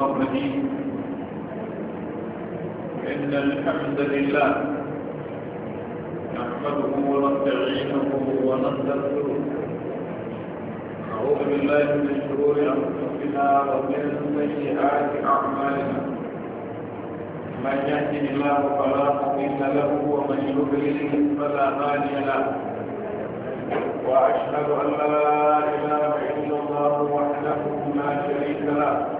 الرحيم إن الحمد لله نحمده ونستعينه ونستغفره أعوذ بالله من شرور أنفسنا ومن سيئات أعمالنا من يهده الله فلا مضل له ومن يضلل فلا هادي له وأشهد أن لا إله إلا الله وحده لا شريك له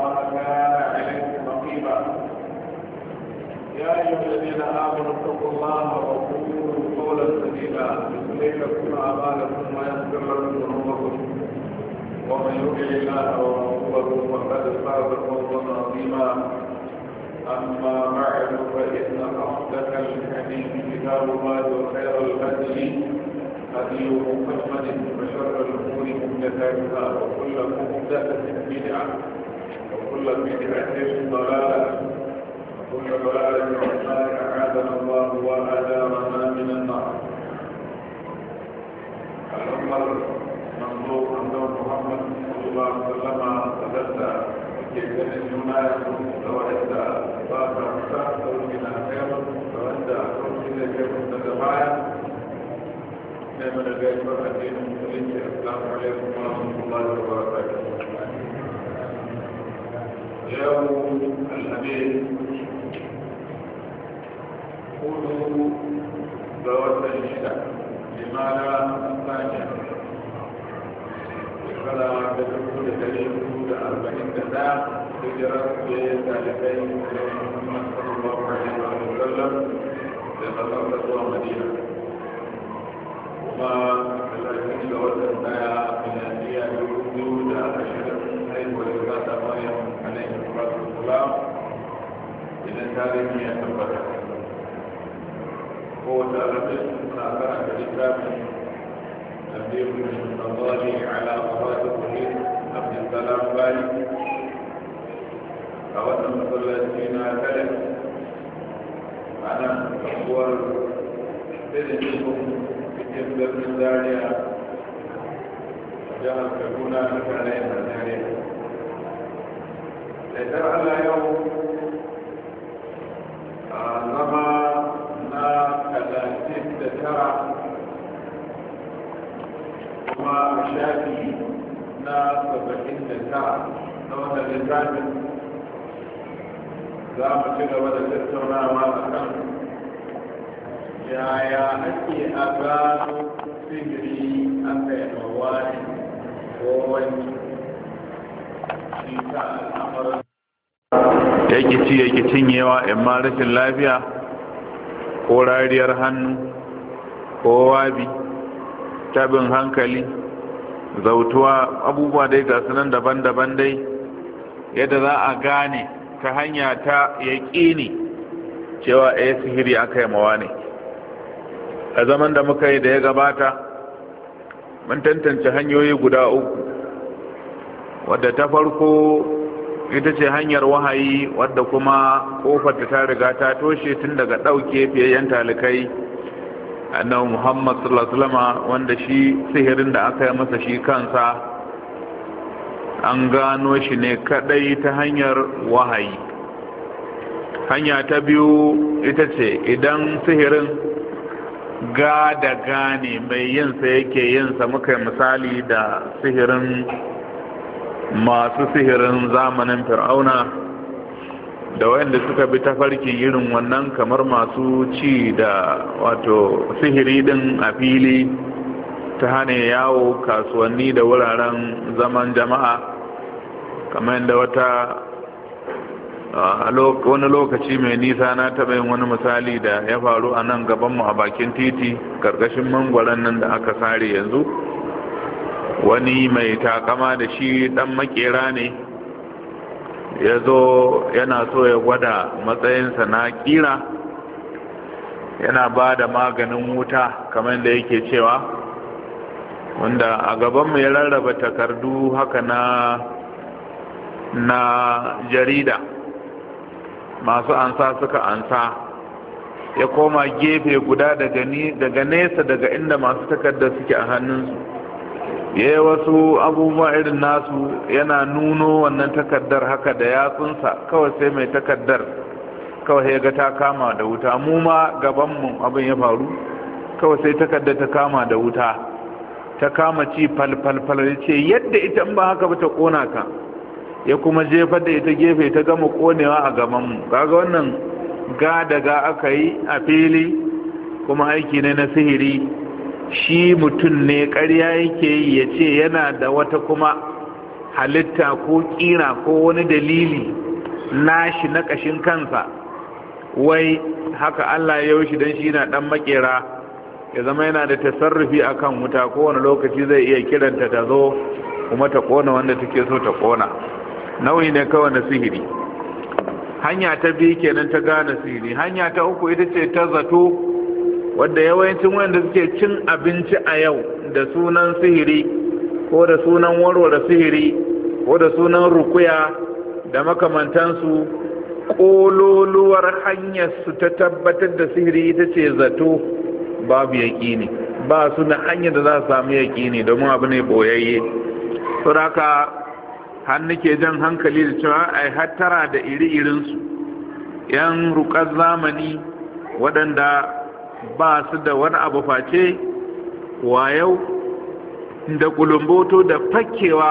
الله كان عليكم رقيبا يا ايها الذين امنوا اتقوا الله وقولوا قولا سديدا يصلح لكم اعمالكم ويغفر لكم ذنوبكم ومن يطع الله ورسوله فقد فاز فوزا عظيما اما بعد فان اصدق الحديث كتاب الله وخير الهدي هدي محمد وشر الامور محدثاتها وكل محدثه بدعه وكل بدعة ضلالة وكل ضلالة في النار أعاذنا الله وأدارنا من النار الأمر منظور عند محمد صلى الله عليه وسلم تدلى كيف الجمال توحد باب الحساب توحدنا خيرا توحد توحد كيف تتبايع من الغيب نعم، الدين المسلم السلام عليكم ورحمة الله وبركاته جاءوا الأمير قولوا ذوات الشدة لماذا الثانية فلا تدخل دليل حدود أربعين سنة هجرة بثالثين محمد صلى الله عليه وسلم لقد أرسل مدينة وما الأجل ذوات الثانية من الأندية حدود أشهر idan tarihi ya tabbata kowace alamin suna karanta littafin تنبيه من الغالي على مراد الدين عبد السلام بالي أولا مثلثين ثلاث أنا أقول بذنكم بجنب من ذلك جهل كبونا مكانين من ذلك لترى اليوم zama na talatin da tara kuma a shafi na saba'in da tara na wannan littafin za mu ci gaba da tattaunawa a kan yaya ake a gano sihiri ko wani shi ta al'amarin yake yake cinyewa ma rashin lafiya ko rariyar hannu ko wabi tabin hankali zautuwa abubuwa dai ga sunan daban-daban dai yadda za a gane ta hanya ta yaƙini cewa a eh, sihiri aka yi mawa ne a zaman da muka yi da ya gabata mun tantance hanyoyi guda uku wadda ta farko ita ce hanyar wahayi wadda kuma kofar ta riga ta toshe tun daga ɗauke fiyayyen talikai annabi muhammad sallallahu alaihi wanda shi sihirin da aka yi masa shi kansa an gano shi ne kadai ta hanyar wahayi hanya ta biyu ita ce idan sihirin ga da gane mai yinsa yake yinsa muka misali da sihirin masu sihirin zamanin fir'auna da wayanda suka bi tafarkin irin wannan kamar masu ci da wato sihiri din a fili ta hane yawo kasuwanni da wuraren zaman jama'a kamar yadda wata wani lokaci mai nisa na taɓa yin wani misali da ya faru a nan gabanmu a bakin titi ƙarƙashin mangwaron nan da aka sare yanzu wani mai takama da shi dan makera ne ya zo yana so ya gwada matsayinsa na kira yana ba da maganin wuta kamar da yake cewa wanda a gabanmu ya rarraba takardu haka na na jarida masu ansa suka ansa ya koma gefe guda daga nesa daga inda masu takarda suke a hannunsu ya yi wasu abubuwa irin nasu yana nuno wannan takardar haka da yatsunsa kawai sai mai takardar kawai ya ga ta kama da wuta mu ma gabanmu abin ya faru kawai sai takaddar ta kama da wuta ta kama ci falfalfal ya ce yadda ita ba haka ba ta kona ka ya kuma jefar da ita gefe ta gama konewa a gabanmu kaga wannan ga daga aka yi a fili kuma aiki ne na sihiri shi mutum ne ƙarya yake yi ya ce yana da wata kuma halitta ko ƙira ko wani dalili nashi na ƙashin kansa wai haka Allah ya shi don shi na ɗan maƙera ya zama yana da tasarrufi a kan wuta kowane lokaci zai iya kiranta ta zo kuma ta ƙona wanda take so ta ƙona nau'i ne kawai na sihiri hanya ta biyu kenan ta gane sihiri hanya ta uku ita ce ta zato wadda yawancin wanda suke cin abinci a yau da sunan sihiri ko da sunan warware sihiri ko da sunan rukuya da makamantansu ƙololuwar hanyarsu ta tabbatar da sihiri ita ce zato babu ne ba su na hanyar da za su samu yaƙini domin abu ne boyayye suraka hannu ke jan hankali da cewa ai hattara da iri-irinsu 'yan rukar zamani waɗanda ba su da wani abu face wayau da kulumboto da fakkewa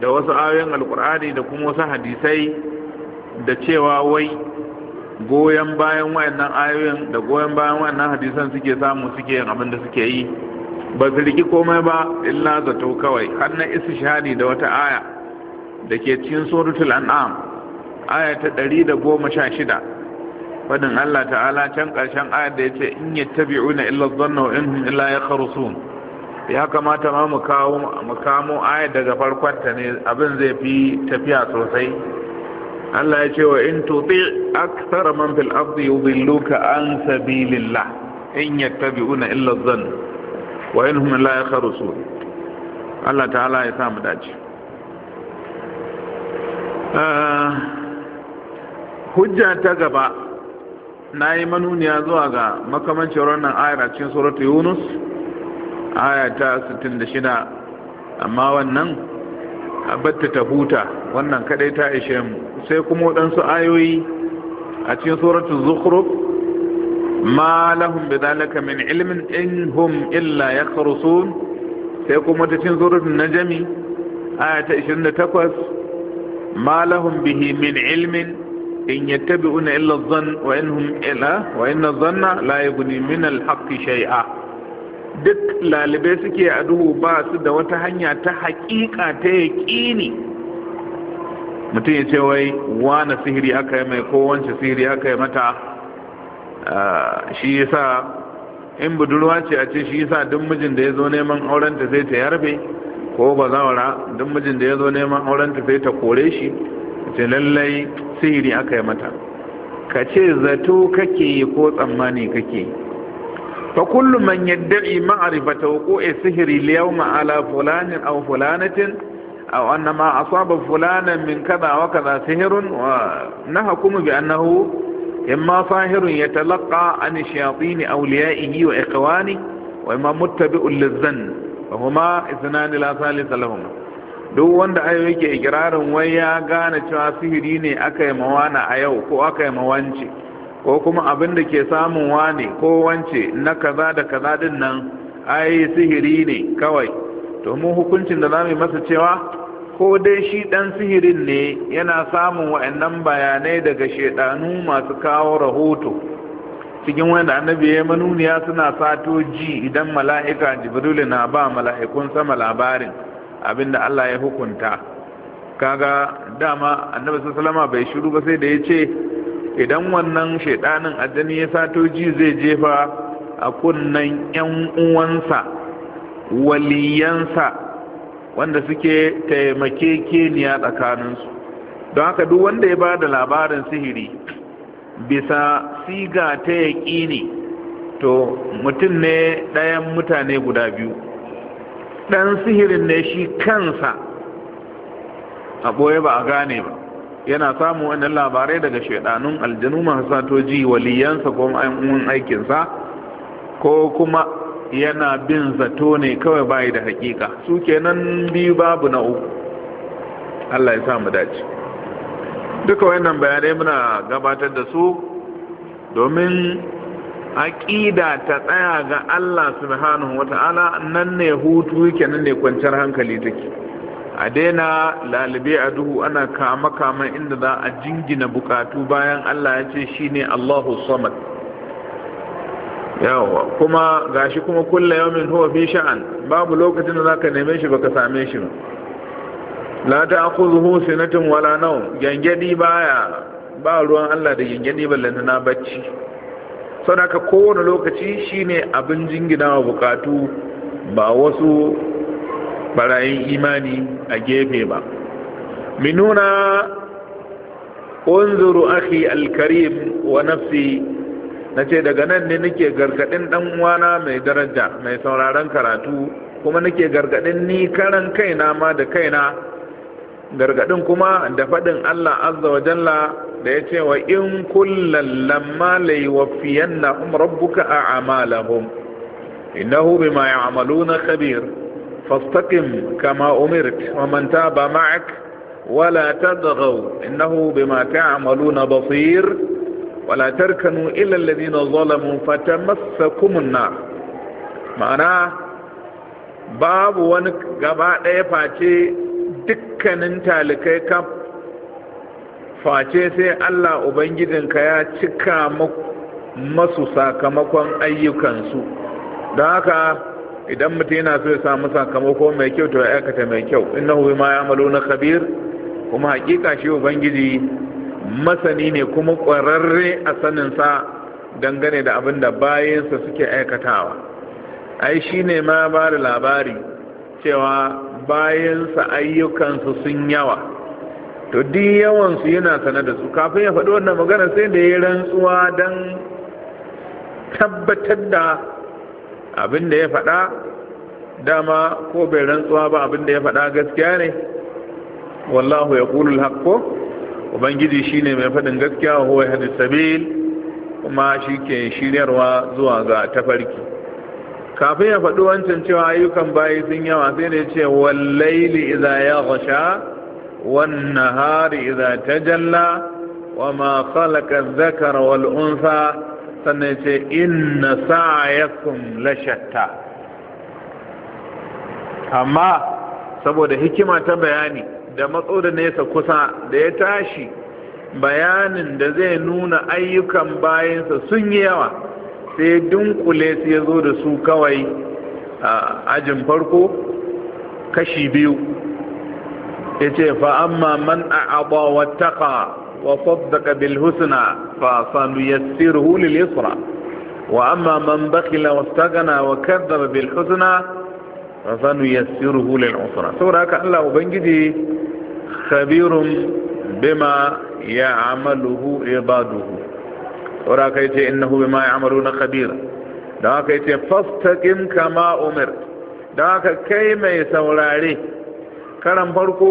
da wasu ayoyin alkur'ani da kuma wasu hadisai da cewa wai goyon bayan wayannan ayoyin da goyon bayan wayannan hadisan suke samu suke yin abin da suke yi ba su riki komai ba illa zato kawai har na shahadi da wata aya da ke cikin suratul an'am aya ta da goma sha shida. fadin Allah ta'ala can ƙarshen ayar da ya ce in yi tabi'una illa zanna wa in illa ya kharusun ya kamata ma mu kamo ayar daga farkon ta ne abin zai fi tafiya sosai Allah ya ce wa in tuti akthara man fil ardi yudilluka an sabilillah in yattabi'una illa zanna wa in hum la yakhrusun Allah ta'ala ya sa mu dace ah, hujja ta gaba na yi manuniya zuwa ga makamancin wannan ayar a cikin suratu yunus aya ta 66 amma wannan abatta ta huta wannan kadai ta ishe mu sai kuma waɗansu ayoyi a cikin suratu zukhruf ma lahum bidhalika min ilmin in hum illa yakhrusun sai kuma ta cikin suratu najmi aya ta 28 ma lahum bihi min ilmin in yattabi'una illa dhann wa innahum ila wa inna dhanna la yughni min al-haqqi shay'a duk lalibai suke a duhu ba su da wata hanya ta haƙiƙa ta yaƙini mutum ya ce wai wani sihiri aka yi mai ko wance sihiri aka yi mata shi yasa in budurwa ce a ce shi yasa duk mijin da ya zo neman aurenta sai ta yarbe ko bazawara duk mijin da ya zo neman aurenta sai ta kore shi ce lallai sihiri aka yi mata ka ce zato kake yi ko tsammani kake yi fa kullu man yadda'i ma'rifata wuqu'i sihri al-yawma ala fulanin aw fulanatin aw anna ma asaba fulanan min kaza wa kaza sihrun wa nahakumu bi annahu imma sahirun yatalaqqa an shayatin awliya'ihi wa ikhwani wa imma muttabi'un lizan fa huma ithnan la thalith lahum duk wanda ayo yake ikirarin wai ya gane cewa sihiri ne aka yi mawana a yau ko aka yi ko kuma abin da ke samun wane ko wance na kaza da kaza din nan ai sihiri ne kawai to mu hukuncin da zamu masa cewa ko dai shi dan sihirin ne yana samun wa'annan bayanai daga shedanu masu kawo rahoto cikin wanda annabi ya manuniya suna sato ji idan mala'ika jibrilu na ba mala'ikun sama labarin Abin da Allah ya hukunta kaga dama annabi sallama bai shiru ba sai da ya ce idan wannan shaidanin ajani ya sato ji zai jefa a kunnan yan uwansa waliyansa wanda suke taimake tsakanin tsakaninsu don haka duk wanda ya ba da labarin sihiri bisa siga ta yaƙini to mutum ne ɗayan mutane guda biyu ɗan sihirin ne shi kansa a ɓoye ba a gane ba yana samun wani labarai daga shaidanun aljanu masu satoji waliyansa ko ma'ayin aikinsa ko kuma yana bin zato ne kawai bayi da hakika su kenan biyu babu na uku allah ya samu dace duka wannan bayanai muna gabatar da su domin aƙida ta tsaya ga Allah subhanahu wata'ala nan ne hutu yake nan ne kwanciyar hankali take a daina lalube a duhu ana kama kama inda za a jingina bukatu bayan Allah ya ce shine Allahu samad yawa kuma gashi kuma kulla yawmin huwa fi sha'an babu lokacin da zaka neme shi baka same shi ba la ta'khudhuhu sinatun wala nawm gangadi baya ba ruwan Allah da gangadi ballan na bacci sadaka kowane lokaci shine abin jingina wa bukatu ba wasu barayin imani a gefe ba minuna unzuru akhi alkarim wa nafsi nace daga nan ne nake gargadin dan uwana mai daraja mai sauraron karatu kuma nake gargadin ni karan kaina ma da kaina gargadin kuma da faɗin Allah azza wa jalla da ya ce wa in kullal lamma layuwaffiyannahum rabbuka a'malahum innahu bima ya'maluna khabir fastaqim kama umirt wa man taba ma'ak ولا تطغوا إنه بما تعملون بصير ولا تركنوا إلى الذين ظلموا فتمسكم النار ma'ana babu wani gaba ɗaya face dukkanin talikai ka face sai Allah Ubangijinka ya cika masu sakamakon ayyukansu don haka idan mutum yana so ya samu sakamako mai kyau to ya aikata mai kyau huwi ma malo na Kabir. kuma hakika shi ubangiji masani ne kuma ƙwararre a saninsa dangane da abin da bayansa suke aikatawa ai shi ne ma ba da labari cewa Bayan bayansa ayyukansu sun yawa to duk yawansu yana sana da su kafin ya faɗi wannan magana sai da ya rantsuwa don tabbatar da abin da ya faɗa dama ko bai rantsuwa ba abin da ya faɗa gaskiya ne wallahu ya kulul haƙƙo ubangiji shine mai faɗin gaskiya wa huwa sabil kuma shi ke shiryarwa zuwa ga tafarki kafin ya faɗi wancan cewa ayyukan bayi sun yawa sai ne ce wallaili idza wannan hari iza ta jalla, wa ma khalaqa dhakara wal'unsa sannan ce inna sa'yakum lashatta amma saboda hikima ta bayani da matso da nesa kusa da ya tashi bayanin da zai nuna ayyukan bayansa sun yi yawa sai dunkule su ya zo da su kawai a ajin farko kashi biyu ya ce fa'amma man a abuwa wata taƙa wa saddaka bil fa sanu yassiruhu lil yusra wa amma man bakila wastagana wa kadda bil husna fa sanu yassiruhu lil Sau saboda haka Allah ubangiji khabirun bima ya'maluhu ibaduhu saboda kai ce innahu bima ya'maluna khabir da haka yace fastaqim kama umir da haka kai mai saurare karan farko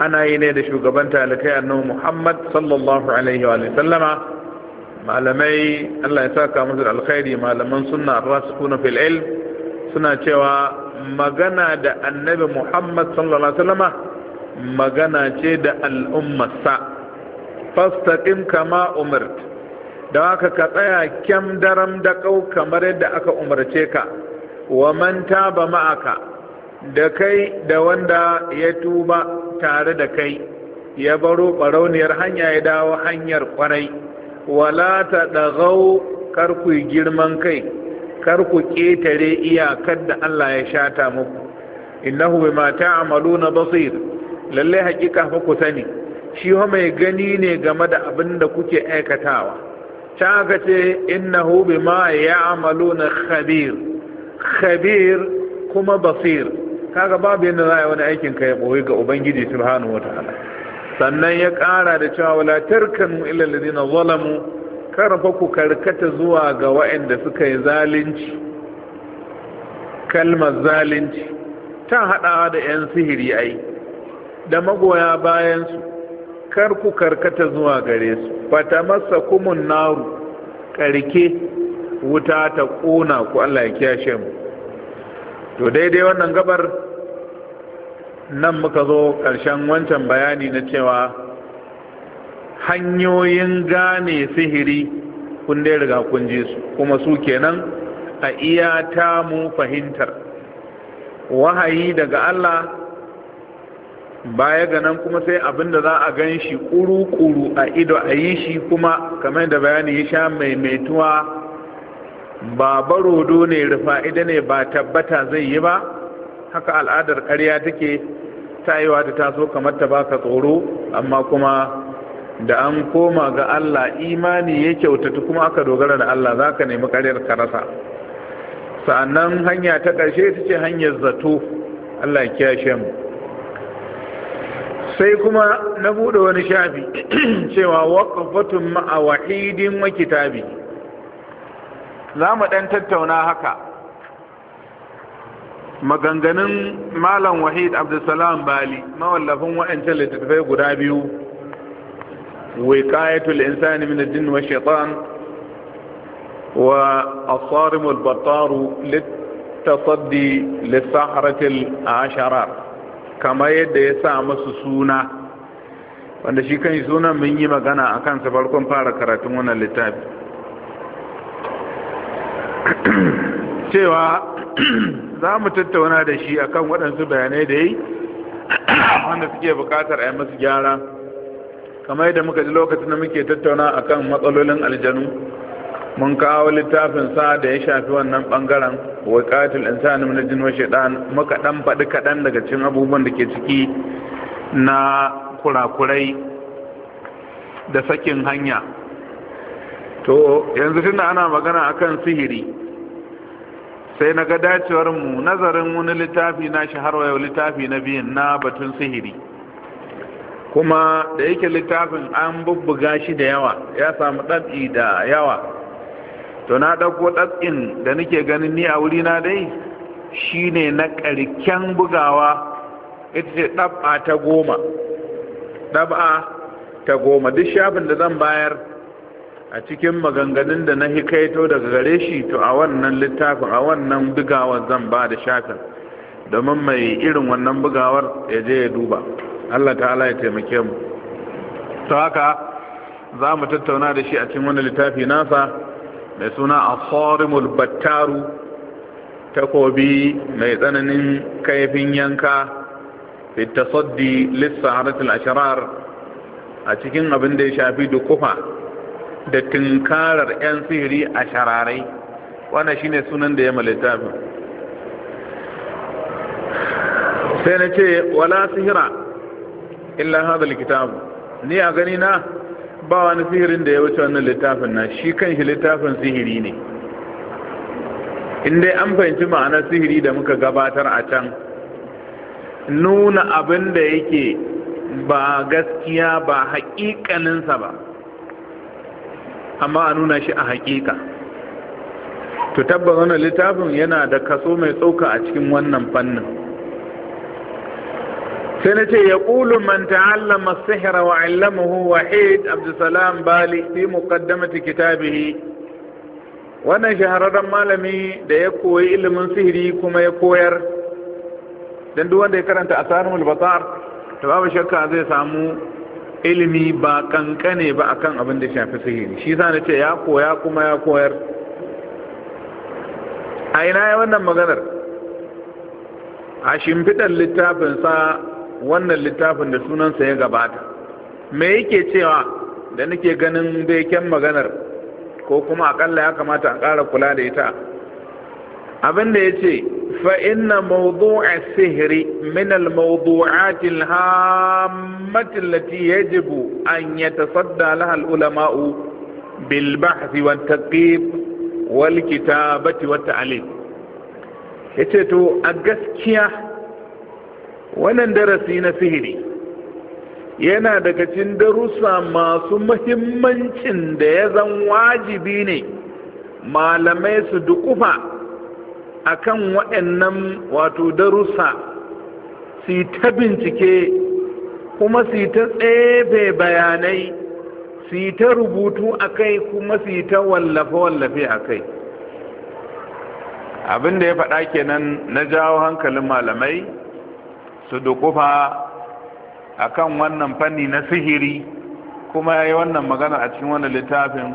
ana yi ne da shugaban talikai annabi Muhammad sallallahu alaihi wa sallama malamai Allah ya saka musu da alkhairi malaman sunna rasikuna fil ilm suna cewa magana da annabi Muhammad sallallahu alaihi wa sallama magana ce da al'ummarsa fastaqim kama umirt Da haka ka tsaya kyam daram da kau kamar yadda aka umarce ka wa man taba ma'aka da kai da wanda ya tuba tare da kai ya baro barauniyar hanya ya dawo hanyar kwarai wala ta dagau kar ku girman kai kar ku ƙetare iyakar da Allah ya shata muku innahu bima ta'maluna basir lalle hakika fa ku sani shi mai gani ne game da abin da kuke aikatawa can aka ce innahu bima na khabir khabir kuma basir kaga babu yadda za a yi wani aikin ka ya koyi ga ubangiji subhanahu ta'ala sannan ya kara da cewa wala tarkanu ila alladhina zalamu karfa ku karkata zuwa ga waɗanda suka yi zalunci kalmar zalunci ta hada da yan sihiri ai da magoya bayan su kar ku karkata zuwa gare su masa kumun naru karke wuta ta kona ku Allah ya kiyashe mu to daidai wannan gabar nan muka zo ƙarshen wancan bayani na cewa hanyoyin gane sihiri kun dai riga kun ji su kuma su kenan a iya ta mu fahimtar wahayi daga Allah baya ga nan kuma sai abin da za a gan shi kuru-kuru a ido a yi shi kuma kamar da bayani ya sha maimaituwa ba barodo ne rufa ido ne ba tabbata zai yi ba haka al'adar ƙarya take tayewa ta taso kamar ta baka tsoro amma kuma da an koma ga Allah imani ya kyautatu kuma aka dogara da Allah za ka nemi ƙaryar ka rasa sa'annan hanya ta ƙarshe ita ce hanyar zato Allah ya kiyashe mu sai kuma na bude wani shafi cewa waƙafatun ma'a wahidin wa kitabi za mu ɗan tattauna haka maganganun malam wahid abdulsalam bali mawallafin waɗancan littattafai guda biyu wiqayatu linsani min jin wa shaitan wa asarimul battaru littasaddi lissaharatul asharar kamar yadda ya sa masu suna wanda shi kan sunan mun yi magana a kansa farkon fara karatun wannan littafi cewa za mu tattauna da shi akan waɗansu bayanai da yi wanda suke buƙatar a yi masu gyara kamar yadda muka ji lokacin da muke tattauna akan matsalolin aljanu mun kawo littafin sa da ya shafi wannan bangaren wa katil insani min jin wa shaytan muka dan faɗi kaɗan daga cikin abubuwan da ke ciki na kurakurai da sakin hanya to yanzu tunda ana magana akan sihiri sai na ga dacewar mu nazarin wani littafi na shi har wayo littafi na biyun na batun sihiri kuma da yake littafin an bubbuga shi da yawa ya samu ɗabi da yawa to na ɗauko ɗatsin da nake ganin ni a wurina dai shine na ƙarken bugawa ita ce ɗab'a ta goma ɗab'a ta goma duk shafin da zan bayar a cikin maganganun da na hikaito daga gare shi to a wannan littafin a wannan bugawar zan ba da shafin domin mai irin wannan bugawar ya je ya duba allah ta'ala ya taimake mu ta haka za mu tattauna da shi a cikin wani littafi nasa mai suna a asarimul battaru takobi mai tsananin kaifin yanka fita fitasaddi lissaharatul ashirar a cikin abin da ya shafi dukufa da tunkarar 'yan sihiri a shararai shi ne sunan da ya fi sai na ce wala sihira illa haɗa kitab ni a gani na ba wani sihirin da ya wuce wannan littafin na shi kan shi littafin sihiri ne inda an fahimci ma'anar sihiri da muka gabatar a can nuna abin da yake ba gaskiya ba haƙiƙaninsa ba amma a nuna shi a haƙiƙa to tabbar wannan littafin yana da kaso mai tsoka a cikin wannan fannin sai na ce ya ƙulu man ta'allama sihra wa wa wahid abdulsalam bali fi muqaddamati kitabihi wannan shahararren malami da ya koyi ilimin sihiri kuma ya koyar don duk wanda ya karanta asarul basar to babu shakka zai samu ilimi ba kankane ba akan abin da shafi sihiri shi sa na ce ya koya kuma ya koyar a ina ya wannan maganar a shimfiɗar littafinsa wannan littafin da sunansa ya gabata me yake cewa da nake ganin beken maganar ko kuma akalla ya kamata a ƙara kula da ita abin da ya ce fa'inna mawdu'a sihiri min al-mawdu'atil hammatin lati yajibu an yatasadda laha lahal ulamau bil bahthi taqib wal kitabati alif. Ya ce to a gaskiya wannan darasi na sihiri yana daga cikin darussa masu mahimmancin da ya zan wajibi ne malamai su dukufa akan waɗannan wato darussa su ta bincike kuma su ta tsefe bayanai su ta rubutu a kai kuma su ta wallafe-wallafe a kai abin da ya faɗa kenan na jawo hankalin malamai su dukufa akan wannan fanni na sihiri kuma yayi wannan magana a cikin wannan littafin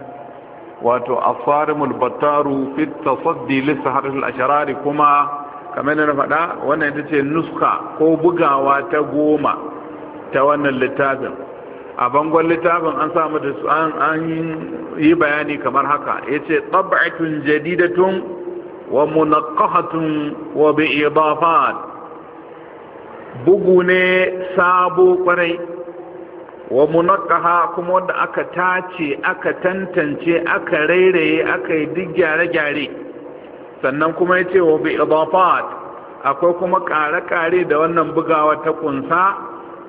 wato asarimul battaru fi tasaddi li saharatul asharari kuma kamar na faɗa wannan ita ce nuska ko bugawa ta goma ta wannan littafin a bangon littafin an samu da su an yi bayani kamar haka ya ce tabbatun jadidatun wa munaqqahatun wa bi idafat bugu ne sabo kwarai wa munakaha kuma wanda aka tace aka tantance aka rairaye aka yi duk gyare-gyare sannan kuma ya ce wa bi idafat akwai kuma ƙare kare da wannan bugawa ta kunsa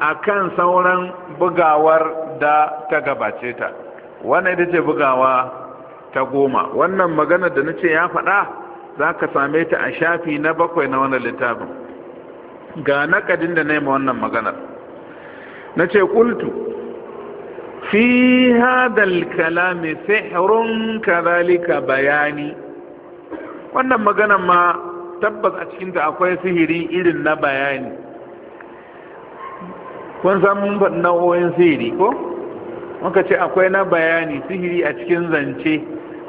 a kan sauran bugawar da ta gabace ta wannan ita ce bugawa ta goma wannan magana da nace ya faɗa za ka same ta a shafi na bakwai na wannan littafin ga nakadin da na ma wannan maganar na ce kultu fi hadal kalami sihrun kadhalika bayani wannan maganar ma tabbas a cikinta akwai sihiri irin na bayani kun san mun faɗi nau'o'in sihiri ko muka ce akwai na bayani sihiri a cikin zance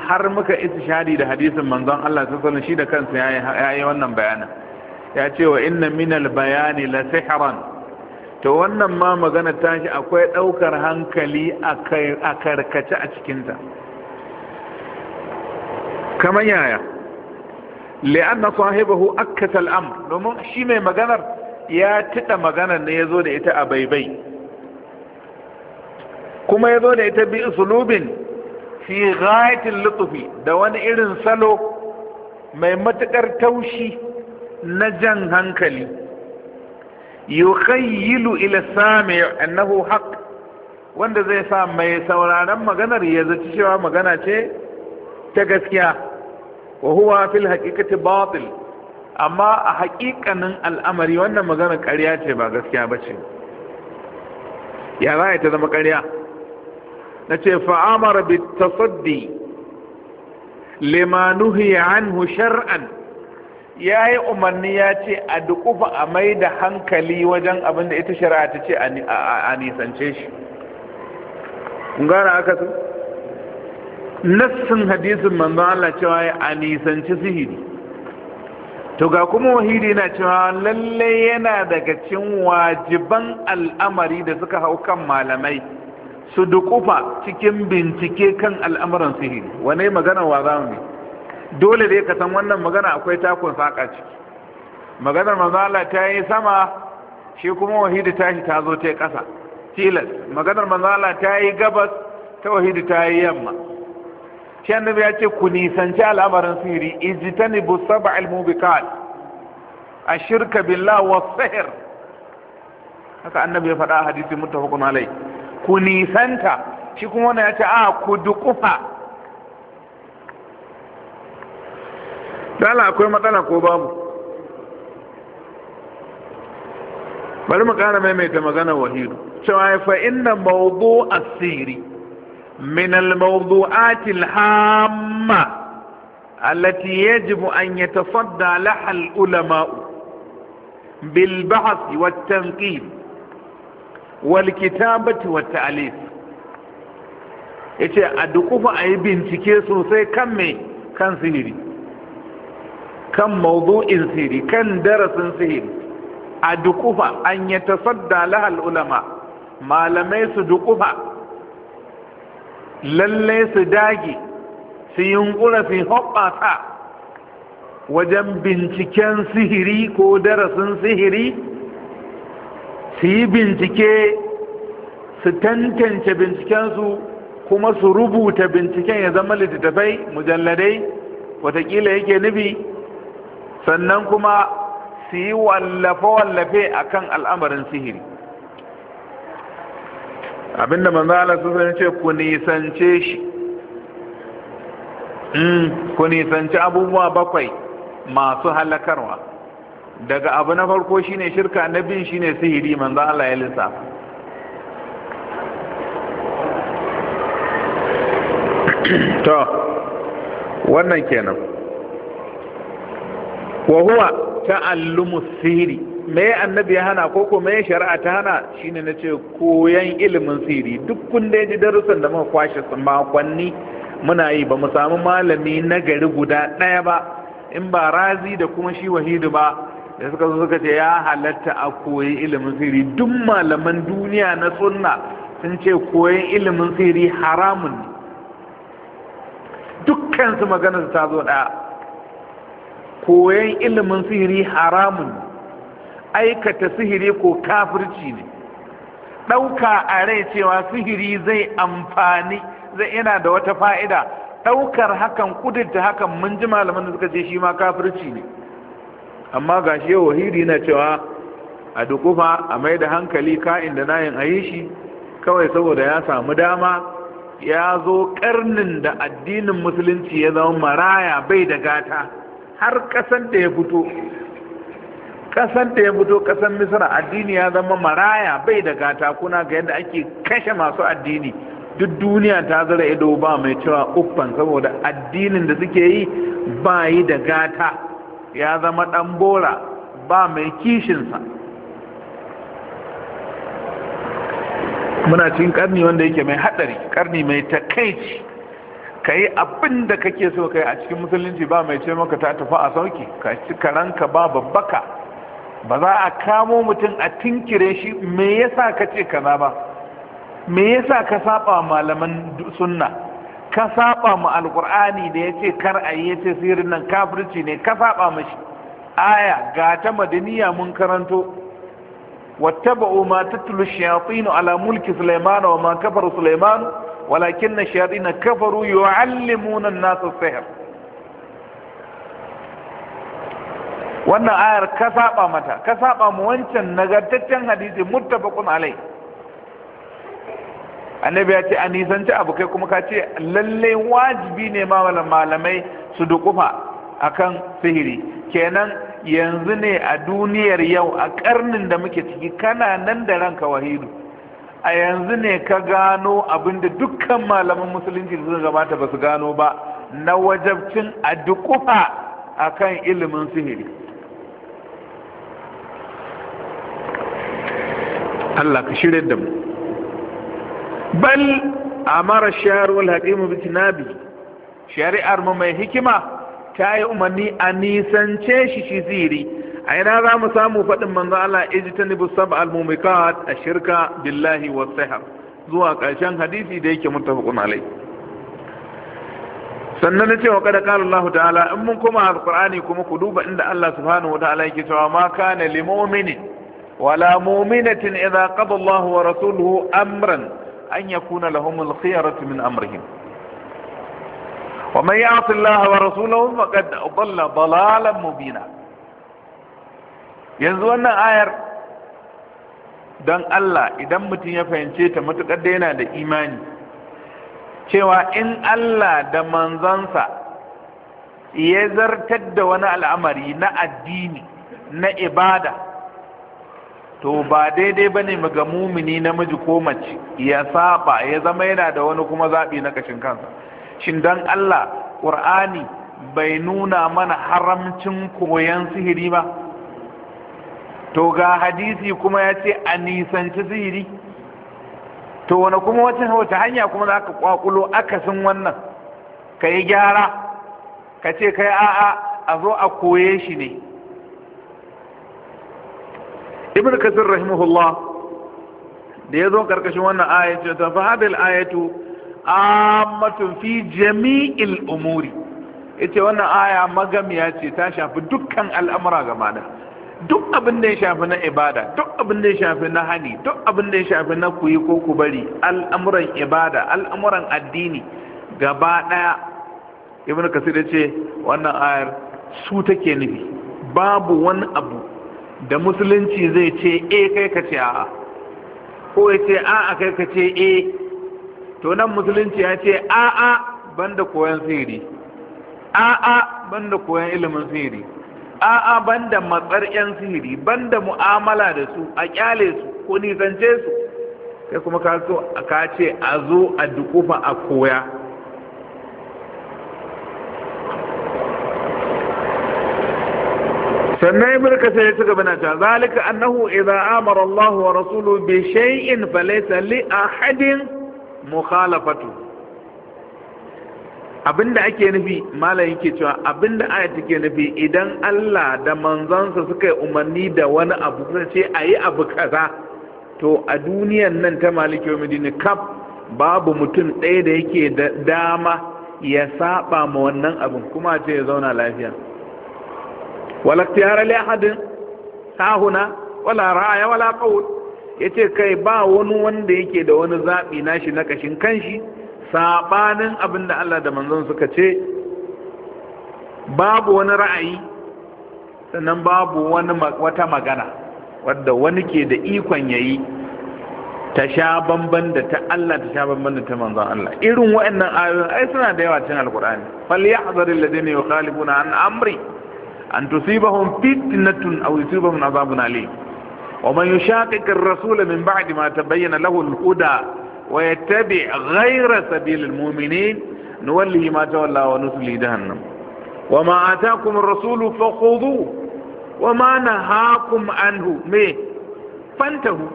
har muka shadi da hadisin manzon Allah sallallahu alaihi wasallam shi da kansa yayi wannan bayanin ya ce wa inna minal bayani la sihran to wannan ma magana tashi akwai daukar hankali a karkace a cikinta kamar yaya li'anna sahibahu akkata am. domin shi mai maganar ya tida maganar ne yazo da ita a baibai kuma yazo da ita bi usulubin fi ghayatil da wani irin salo mai matukar taushi na jan hankali yukhayyilu ila sami' annahu haq. wanda zai sa mai sauraron maganar ya zaci cewa magana ce ta gaskiya wa huwa fil haqiqati batil amma a haƙiƙanin al'amari wannan maganar ƙarya ce ba gaskiya ba ce ya za ta zama ƙarya na ce fa'amara bi tasaddi lima nuhiya anhu shar'an ya yi umarni ya ce a dukufa a mai da hankali wajen abin da ita shari'a ta ce a nisance shi gara aka su nassin hadisin manzon Allah cewa ya a nisanci sihiri to ga kuma wahidi na cewa lalle yana daga cin wajiban al'amari da suka hau kan malamai su dukufa cikin bincike kan al'amuran sihiri wane magana wa zamu dole dai ka san wannan magana akwai takon saka ciki maganar manzala ta yi sama shi kuma wahidi tashi ta zo ta yi ƙasa tilas maganar manzala ta yi gabas ta wahidi ta yi yamma shi annabi ya ce ku nisanci al'amarin sihiri ijtani bu saba al-mubiqat ashirka billah wa sihr haka annabi ya faɗa hadisi muttafaqun alai ku nisanta shi kuma wannan ya ce a ku dukufa tala akwai matsala ko babu bari mu kara maimaita magana wahidu cewa fa inna mawdu asiri min al mawdu'at al hamma allati yajibu an yatafadda laha al ulama bil ba'th wat tanqib wal kitabati wat ta'lif yace a a ayi bincike sosai kan me kan sihiri kan mawdu'in sihiri kan darasin sihiri a dukufa an ya tasadda lahal ulama malamai su dukufa lallai su dage su yunkura su hoɓɓasa wajen binciken sihiri ko darasin sihiri su yi bincike su tantance bincikensu kuma su rubuta binciken ya zama littattafai mujalladai watakila yake nufi sannan kuma su yi wallafe-wallafe a kan al'amarin sihiri abinda manzala su sun ce ku nisance shi mm, ku nisance abubuwa bakwai masu halakarwa daga abu na farko shine shirka na bin shine sihiri manzo Allah ya lissafa to wannan kenan wa huwa ta'allumu sihiri me annabi ya hana ko ko me shari'a ta hana shine nace koyan ilimin sirri duk kun da ji darussan da muka kwashe su makonni muna yi ba mu samu malami na gari guda ɗaya ba in ba razi da kuma shi wahidu ba da suka zo suka ce ya halatta a koyi ilimin sirri duk malaman duniya na sunna sun ce koyan ilimin sirri haramun ne dukkan su magana ta zo ɗaya Koyan ilimin sihiri haramun aikata sihiri ko kafirci ne ɗauka a rai cewa sihiri zai amfani zai yana da wata fa'ida ɗaukar hakan kudurta hakan mun ji malaman da suka ce shi ma kafirci ne amma ga shi yau wahiri na cewa a dukufa a mai da hankali ka'in da nayin a yi shi kawai saboda ya samu dama ya zo ƙarnin da addinin musulunci ya zama maraya bai da gata har kasan da ya fito ƙasar da ya fito kasan misra addini ya zama maraya bai da gata kuna ga yadda ake kashe masu addini duk duniya ta zara ido ba mai cewa uffan saboda addinin da suke yi ba yi da gata ya zama ɗan bora ba mai kishinsa muna cikin karni wanda yake mai haɗari karni mai takaici ka yi abin da kake so ka yi a cikin musulunci ba mai ce maka ta tafi a sauki ka ci karanka ba babbaka ba za a kamo mutum a tinkire shi me yasa ka ce kaza ba me yasa ka saba malaman sunna ka saba ma alkur'ani da yace kar a yi yace sirrin nan kafirci ne ka saba shi? aya ga ta madaniya mun karanto wattaba'u ma tatlu shayatin ala mulki sulaiman wa ma kafara sulaiman walakin na shayatina kafaru yu'allimuna an-nasa sihr wannan ayar ka saba mata ka saba mu wancan nagartaccen hadisi muttafaqun alai annabi ya ce a nisanci abu kai kuma ka ce lalle wajibi ne malamai su dukufa akan sihiri kenan yanzu ne a duniyar yau a karnin da muke ciki kana nan da ranka wahidu a yanzu ne ka gano abinda dukkan malaman musulunci sun gabata ba su gano ba na wajabcin a dukufa a kan ilimin sihiri Allah ka shirya da mu bal amara shaharul hakimu bitinabi shari'ar mu mai hikima ta yi umarni a nisance shi shi ziri a ina za mu samu faɗin manzo Allah ijtanibu sab'al mumikat ashirka billahi was zuwa ƙarshen hadisi da yake muttafaqun kunalai? sannan na cewa kada kala Allah ta'ala in mun koma alqur'ani kuma ku duba inda Allah subhanahu wa ta'ala yake cewa ma kana lil mu'mini wala mu'minatin idza qada Allah wa rasuluhu amran an yakuna lahum al khiyaratu min amrihim ومن يعص الله ورسوله فقد ضل ضلالا مبينا yanzu wannan ayar don Allah idan mutum ya fahimce ta matuƙar da yana da imani cewa in Allah da manzansa ya zartar da wani al'amari na addini na ibada to ba daidai ba ne ga mumini namiji ko mace ya saba ya zama yana da wani kuma zaɓi na kashin kansa shin don Allah ƙur'ani bai nuna mana haramcin koyon sihiri ba to ga hadisi kuma ya ce a nisanci sihiri to wani kuma wata hanya kuma za ka kwakulo akasin wannan ka yi gyara ka ce kai a'a a zo a koye shi ne ibn kasir rahimahullah da ya zo karkashin wannan ayatu ta fa hadal ayatu ammatun fi jami'il umuri ita wannan aya magamiya ce ta shafi dukkan al'amura gaba da duk abin da ya shafi na ibada duk abin da ya shafi na hani duk abin da ya shafi na kuyi ko ku bari al'amuran ibada al'amuran addini gaba daya ibn kasir ce wannan ayar su take nufi babu wani abu da musulunci zai ce e kai ka ce A? ko ya ce a'a kai ka ce e to nan musulunci ya ce a banda koyon sihiri a'a banda koyon ilimin sihiri a'a banda matsar yan sihiri banda mu'amala da su a kyale su ko nisance su Sai kuma ka so ka ce a zo a dukufa a koya sannan ibn kasir ya ci gaba na cewa zalika annahu idza amara Allah wa rasuluhu bi shay'in falaysa li ahadin mukhalafatu abinda ake nufi malam yake cewa abinda aya take nufi idan Allah da manzansa suka yi umarni da wani abu sai ce a yi abu kaza to a duniyan nan ta maliki wa kaf babu mutum ɗaya da yake da dama ya saba ma wannan abin kuma ce ya zauna lafiya wala tiyara li wala ra'aya wala qawl yace kai ba wani wanda yake da wani zabi nashi na kashin kanshi sabanin abin da Allah da manzon suka ce babu wani ra'ayi sannan babu wani wata magana wadda wani ke da ikon yayi ta sha bamban da ta Allah ta sha bamban da ta manzon Allah irin waɗannan ayoyin ai suna da yawa cikin alkur'ani falyahzaril ladina yukhalifuna an amri an tusibahum fitnatun aw yusibahum azabun alim wa man yushaqiqir rasul min ba'di ma tabayyana lahu al-huda ويتبع غير سبيل المؤمنين نوله ما تولى ونسلي جهنم وما آتاكم الرسول فخذوه وما نهاكم عنه مي فانتهوا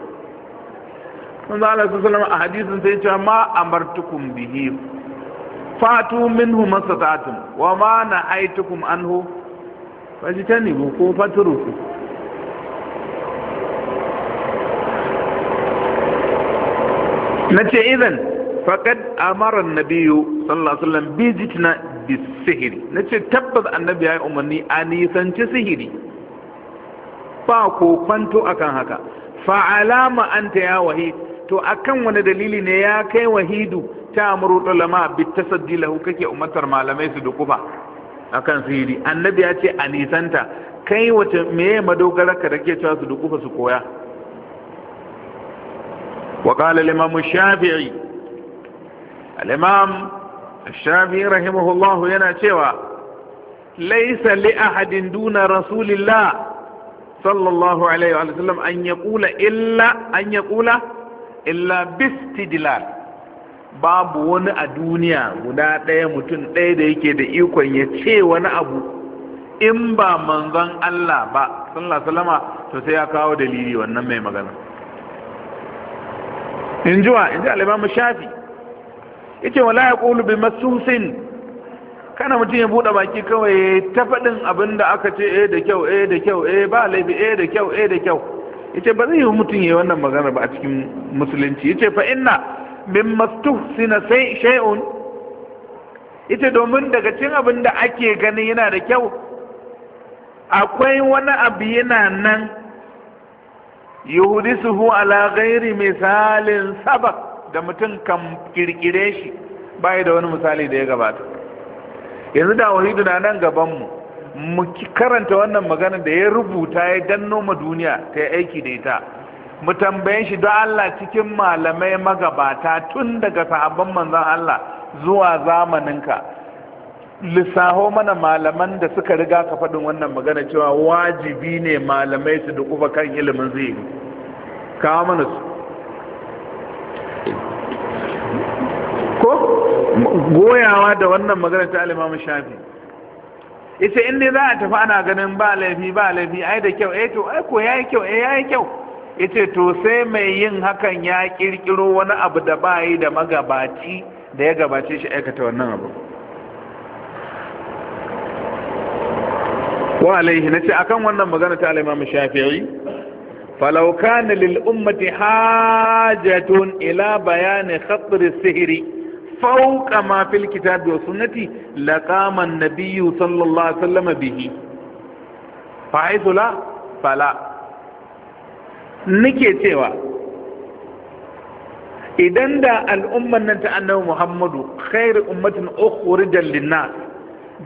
من الله صلى الله عليه وسلم حديث سيجي ما أمرتكم به فاتوا منه ما استطعتم وما نهيتكم عنه فاجتنبوا فاتركوا Nace ce idan faƙad amaran nabiyu sallallahu alaihi wasallam bi bi sihiri na ce tabbas annabi ya umarni a nisanci sihiri ba ko kwanto akan haka fa'alama anta ya wahid to akan wani dalili ne ya kai wahidu ta amuru ulama bi tasaddi lahu kake umartar malamai su dukufa akan sihiri annabi ya ce a nisanta kai wace meye madogara ka ke cewa su dukufa su koya وقال الإمام الشافعي الإمام الشافعي رحمه الله ينا شوى ليس لأحد دون رسول الله صلى الله عليه وسلم أن يقول إلا أن يقول إلا باستدلال babu wani a duniya guda ɗaya mutum ɗaya da yake da ikon ya ce wani abu in ba manzon Allah ba sallallahu Sosai ya kawo dalili wannan mai magana in jiwa in ji alimamu shafi ya wala ya ƙulu bi masusin kana mutum ya buɗe baki kawai ta faɗin abin da aka ce eh da kyau eh da kyau eh ba laifi eh da kyau eh da kyau ya ba zai yi mutum ya yi wannan magana ba a cikin musulunci ya fa inna min mastuhsina sai shay'un ita domin daga cikin abin da ake ganin yana da kyau akwai wani abu yana nan yuhdisuhu ala ghairi misalin sabak da mutum kan kirkire shi bai da wani misali da ya gabata yanzu da wahidu na nan gaban mu mu karanta wannan magana da ya rubuta ya danno ma duniya ta aiki da ita mu tambaye shi don Allah cikin malamai magabata tun daga sahabban manzon Allah zuwa zamaninka lissaho mana malaman da suka riga ka faɗin wannan magana cewa wajibi ne malamai su dukufa kan ilimin zai yi, kawo mana su ko goyawa da wannan magana ta alimamu shafi ita inda za a tafi ana ganin ba laifi ba laifi ai da kyau eh to ai ko yayi kyau eh yayi kyau ita to sai mai yin hakan ya kirkiro wani abu da ba yi da magabaci da ya gabace shi aikata wannan abu wa alaihi nace akan wannan magana ta al-Imam Shafi'i falau kana lil ummati hajatun ila bayani khatr as-sihri fawqa ma fil kitab wa sunnati laqama an-nabiy sallallahu alaihi wasallam bihi fa fala nike cewa idan da al'umman nan ta annabi Muhammadu khairu ummatin ukhrijal lin-nas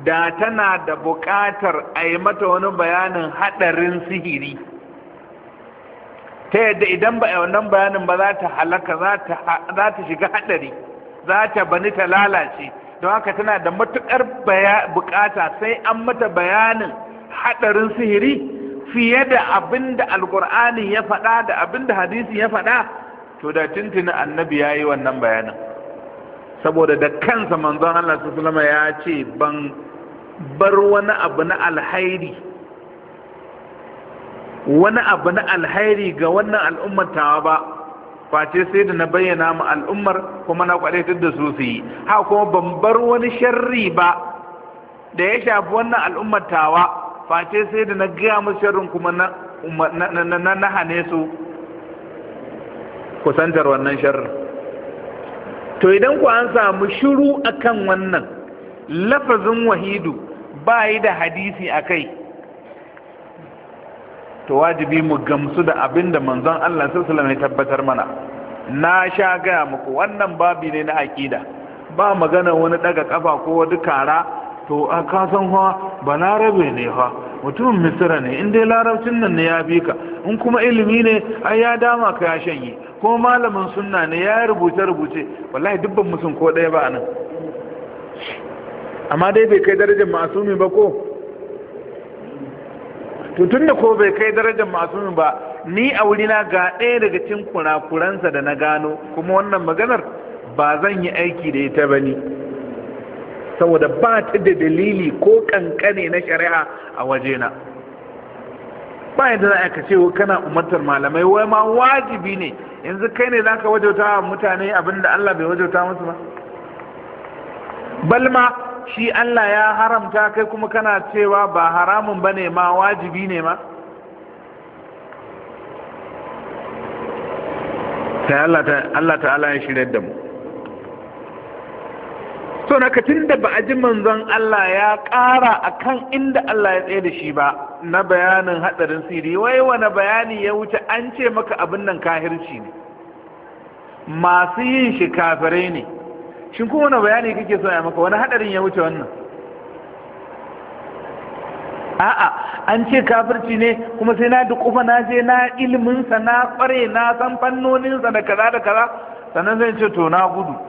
da tana da buƙatar a yi mata wani bayanin haɗarin sihiri ta yadda idan ba wannan bayanin ba za ta halaka za ta shiga haɗari za ta bani ta lalace don haka tana da matuƙar buƙata sai an mata bayanin haɗarin sihiri fiye da abin da alƙur'ani ya faɗa da abin da hadisi ya faɗa to da tuntuni annabi ya yi wannan bayanin saboda da kansa manzon Allah sallallahu alaihi ya ce ban bar wani abu na alhairi wani abu na alhairi ga wannan al'ummar tawa ba face sai da na bayyana ma al'ummar kuma na kwadaitar da su su yi ha kuma ban bar wani sharri ba da ya shafi wannan al'ummar tawa face sai da na gaya musu sharrin kuma na na na na hane su kusantar wannan sharrin to idan ku an samu shiru akan wannan lafazin wahidu ba yi da hadisi a kai to wajibi mu gamsu da abin da manzon Allah sallallahu ya tabbatar mana na sha gaya muku wannan babi ne na aƙida ba magana wani ɗaga ƙafa ko wani kara to a kasan fa balarabe ne ha mutumin misira ne in dai larabcin nan ne ya bi ka in kuma ilimi ne ai ya dama ka ya shanye ko malamin sunna ne ya rubuce rubuce wallahi dubban musun ko ɗaya ba a nan amma dai bai kai darajar masumi ba ko to tunda ko bai kai darajar masumi ba ni a wurina ga ɗaya daga cikin kurakuransa da na gano kuma wannan maganar ba zan yi aiki da ita ba ni saboda ba ta da dalili ko kankane na shari'a a wajena ba yadda za a ka ce kana umartar malamai wai ma wajibi ne yanzu kai ne za ka wajauta wa mutane abin da Allah bai wajauta musu ba balma shi Allah ya haramta kai kuma kana cewa ba haramun ba ne ma wajibi ne ma? sai Allah ta'ala ya shirya da mu so na katin da ba a ji manzon Allah ya ƙara a kan inda Allah ya tsaye da shi ba na bayanin hadarin siri wai wani bayani ya wuce an ce maka abin nan kahirci ne masu yin shi kafirai ne shin kuma wani bayani kake so ya maka wani hadarin ya wuce wannan a'a an ce kafirci ne kuma sai na da kufa na je na ilminsa na kware na san fannoninsa da kaza da kaza sannan zai ce to na gudu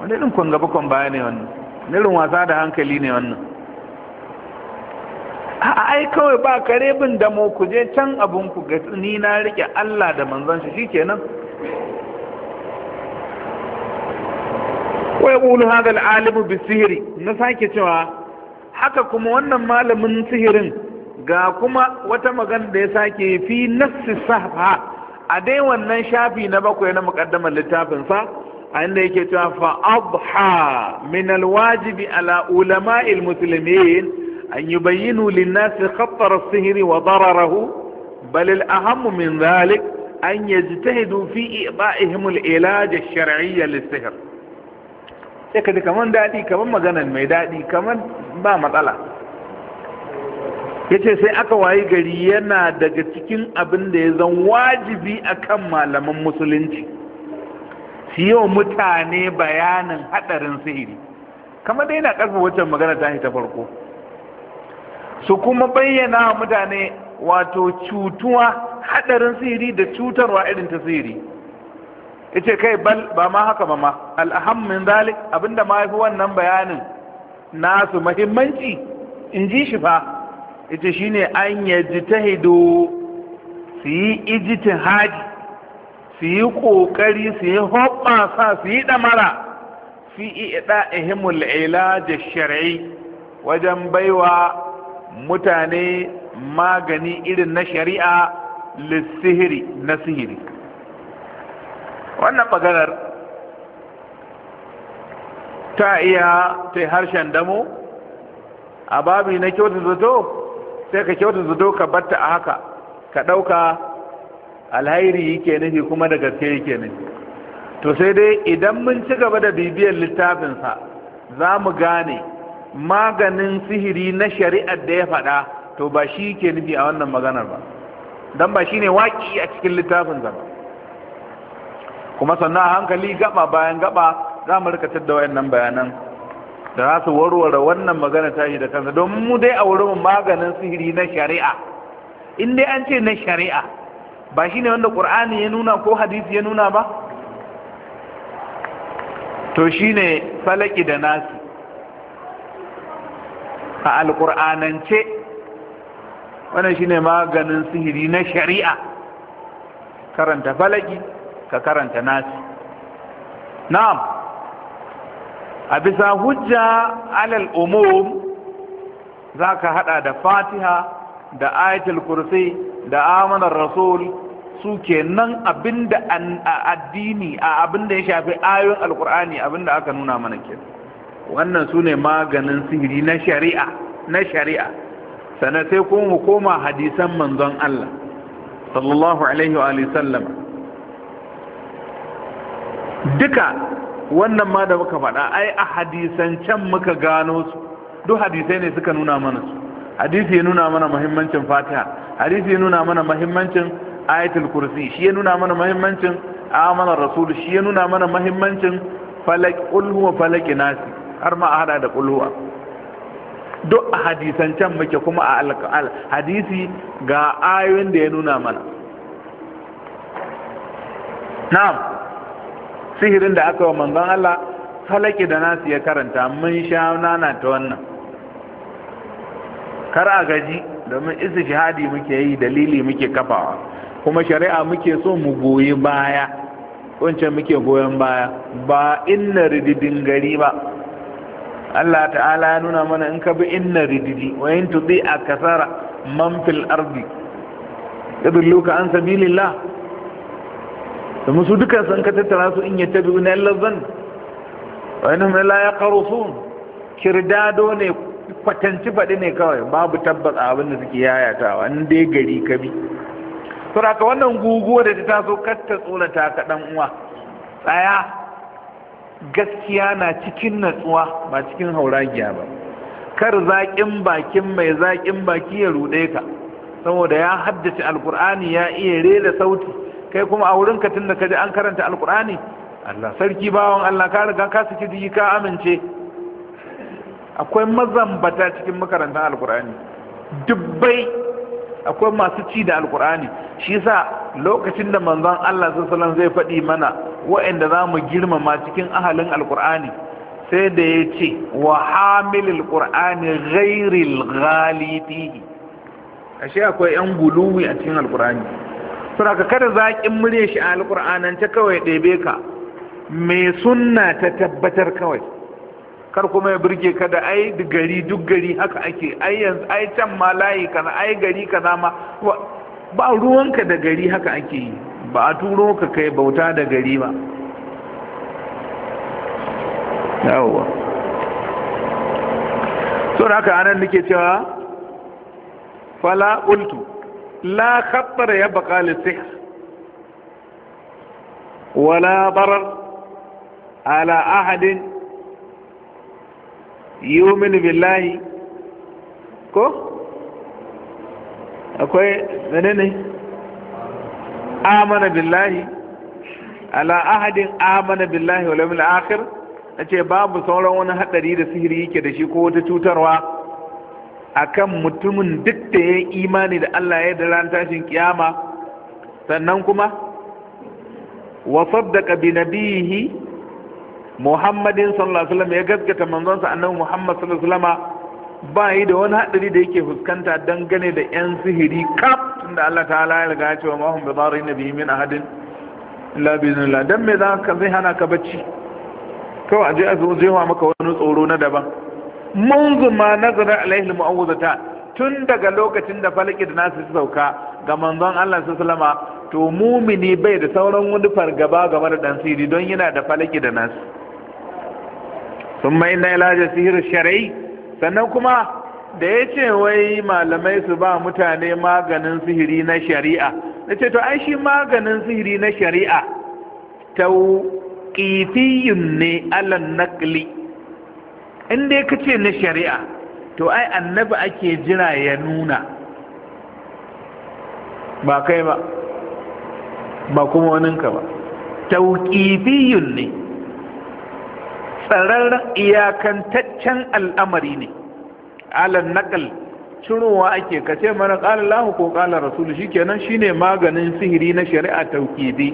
wani irin kwanga bakon baya ne wannan irin wasa da hankali ne wannan a ai kawai ba kare bin da mu ku je can abun ku ga ni na rike Allah da manzon shi shikenan wa yaqulu hadha al Alimu bisihri na sake cewa haka kuma wannan malamin sihirin ga kuma wata magana da ya sake fi nafsi sahfa a dai wannan shafi na bakwai na muƙaddamar littafin sa a inda yake cewa fa abha min alwajibi ala ulama'il muslimin an yubayyinu lin-nasi khatar as-sihr wa dararahu bal al-aham min dhalik an yajtahidu fi i'da'ihim al-ilaj ash-shar'i lis-sihr sai kaji kaman dadi kaman maganan mai dadi kaman ba matsala yace sai aka wayi gari yana daga cikin abin da ya zan wajibi akan malaman musulunci su yi wa mutane bayanin haɗarin sihiri kama dai na ƙarfa waccan magana ta ta farko su kuma bayyana wa mutane wato cutuwa haɗarin sihiri da cutarwa irin ta sihiri ce kai bal ba ma haka ba ma al'aham min zalik abinda ma yafi wannan bayanin nasu mahimmanci in ji shi fa shi shine an yaji ta hido su yi haji su yi ƙoƙari su yi hoɓɓasa su yi ɗamara fi iɗa ihimul ila da shari'i wajen baiwa mutane magani irin na shari'a lissihiri na sihiri wannan maganar ta iya ta harshen damo a babi na kyautar zato sai ka kyautar zato ka batta a haka ka ɗauka alhairi yake nufi kuma da gaske yake nufi to sai dai idan mun ci gaba da bibiyar littafinsa za mu gane maganin sihiri na shari'ar da ya faɗa to ba shi yake nufi a wannan maganar ba don ba shi ne a cikin littafin ba kuma sannan a hankali gaba bayan gaba za mu rika da wayannan bayanan da za su warware wannan magana shi da kansa domin mu dai a wurin maganin sihiri na shari'a in dai an ce na shari'a ba shi ne wanda ƙur'ani ya nuna ko hadisi ya nuna ba to shi ne falaki da nasi a alƙur'anance wannan shi ne maganin sihiri na shari'a karanta falaki ka karanta nasi na'am a bisa hujja alal umum za ka hada da fatiha da ayatul kursi da amanar rasul su kenan abinda addini a abinda ya shafi ayoyin alkur'ani abinda aka nuna mana ke wannan su ne maganin sihiri na shari'a na shari'a sannan sai kuma mu koma hadisan manzon Allah sallallahu alaihi wa sallam duka wannan ma da muka faɗa ai a hadisan can muka gano su duk hadisai ne suka nuna mana su hadisi ya nuna mana muhimmancin fatiha hadisi ya nuna mana muhimmancin ayatul kursi shi ya nuna mana muhimmancin amana rasul shi ya nuna mana muhimmancin falak ulhu wa falak nasi har ma hada da kulhuwa. duk a hadisan can muke kuma a al- hadisi ga ayoyin da ya nuna mana na'am sihirin da aka yi wa manzon Allah falaki da nasu ya karanta mun sha nana ta wannan kar a gaji domin shahadi muke yi dalili muke kafawa kuma shari'a muke so mu goyi baya kunce muke goyon baya ba inna rididin gari ba Allah ta'ala ya nuna mana in ka bi inna rididi wa in tudi a man fil ardi Luka an sabilillah da musu duka san ka tattara su in yattabi'una na dhann wa inna la yaqrusun kirdado ne kwatanci faɗi ne kawai babu tabbas a abin da suke yayatawa in dai gari ka bi ka wannan guguwa da ta taso kar ta tsorata ka dan uwa tsaya gaskiya na cikin natsuwa ba cikin hauragiya ba kar zaƙin bakin mai zaƙin baki ya ruɗe ka saboda ya haddace alkur'ani ya iya rera sauti kai kuma a wurin ka tunda ka ji an karanta alkur'ani Allah sarki bawan Allah ka riga ka saki jiki ka amince akwai mazambata cikin makarantar alkur'ani dubbai akwai masu ci da alkur'ani shi yasa lokacin da manzon Allah sallallahu zai faɗi mana wa'anda za mu girmama cikin ahalin alkur'ani sai da ya ce wa hamilil qur'ani ghairil ghalifihi ashe akwai yan guluwi a cikin alkur'ani saboda kada zakin murye shi a ta kawai ɗebe ka mai sunna ta tabbatar kawai kar kuma ya burge ka da ai gari duk gari haka ake ai yanzu ai can ma layi kana ai gari kana ma ba ruwanka da gari haka ake yi ba a turo ka kai bauta da gari ba yawwa so da haka anan nake cewa fala ultu la khatar ya baka li sihr wala barar ala ahadin yuminu billahi ko akwai ne? amana billahi ala ahadin amana billahi wal akir? na ce babu sauran wani hadari da sihiri yake da shi ko wata cutarwa akan mutumin duk da ya imani da Allah ya da tashin kiyama sannan kuma wasaf daga binabihi. muhammadin sallallahu alaihi wasallam ya gaskata sa annabi muhammad sallallahu alaihi wasallam ba yi da wani hadari da yake fuskanta dangane da yan sihiri kaf tunda Allah ta'ala ya riga ya ce wa ma hum bidarin nabi min ahadin illa bi iznillah dan me za ka zai hana ka bacci kawai aje a zo jewa maka wani tsoro na daban منذ ma nazara alaihi المعوذتان tun daga lokacin da falaki da nasu sauka ga manzon Allah alaihi wasallam to mumini bai da sauran wani fargaba game da dan don yana da falaki da nasu sun mai na ilaja sihiru shari'i sannan kuma da ya ce wai malamai su ba mutane maganin sihiri na shari'a na ce to ai shi maganin sihiri na shari'a tauƙifiyun ne alan naƙli in dai ka ce na shari'a to ai annabi ake jina ya nuna ba kai ba ba kuma waninka ba tauƙifiyun ne tsararren iyakantaccen al'amari ne alan nakal cirowa ake kace mana qala lahu ko qala Rasulu shikenan shine maganin sihiri na shari'a tauhidi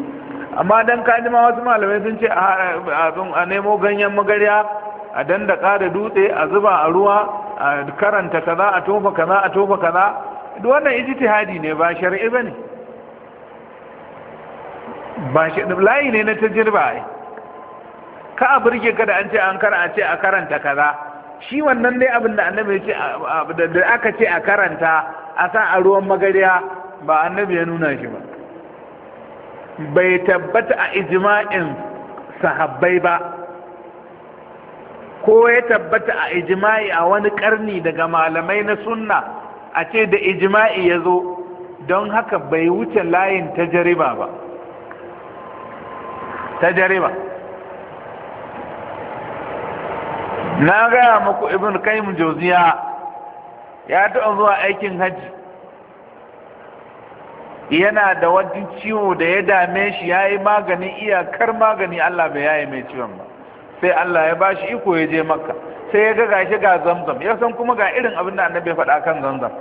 amma dan ka ma wasu malamai sun ce ah, a nemo ganyen magarya a danda kada dutse a zuba a ruwa a karanta kaza a tofa kaza a tofa kaza duk wannan ijtihadi ne ba shar'i bane ba shi layi ne na tajriba ai ka a burge ka da an ce an a ce a karanta kaza shi wannan dai abin da annabi ya ce da aka ce a karanta a sa a ruwan magariya ba annabi ya nuna shi ba bai tabbata a ijma'in sahabbai ba ko ya tabbata a ijima'i a wani karni daga malamai na sunna a ce da ijima'i ya zo don haka bai wuce layin jariba ba jariba na gaya muku ibn kaim joziya ya taɓa zuwa aikin hajji yana da wani ciwo da ya dame shi ya yi magani iyakar magani Allah bai yayi mai ciwon ba sai Allah ya bashi iko ya je makka sai ya ga gashi ga zamzam ya san kuma ga irin abin da annabi ya faɗa kan zamzam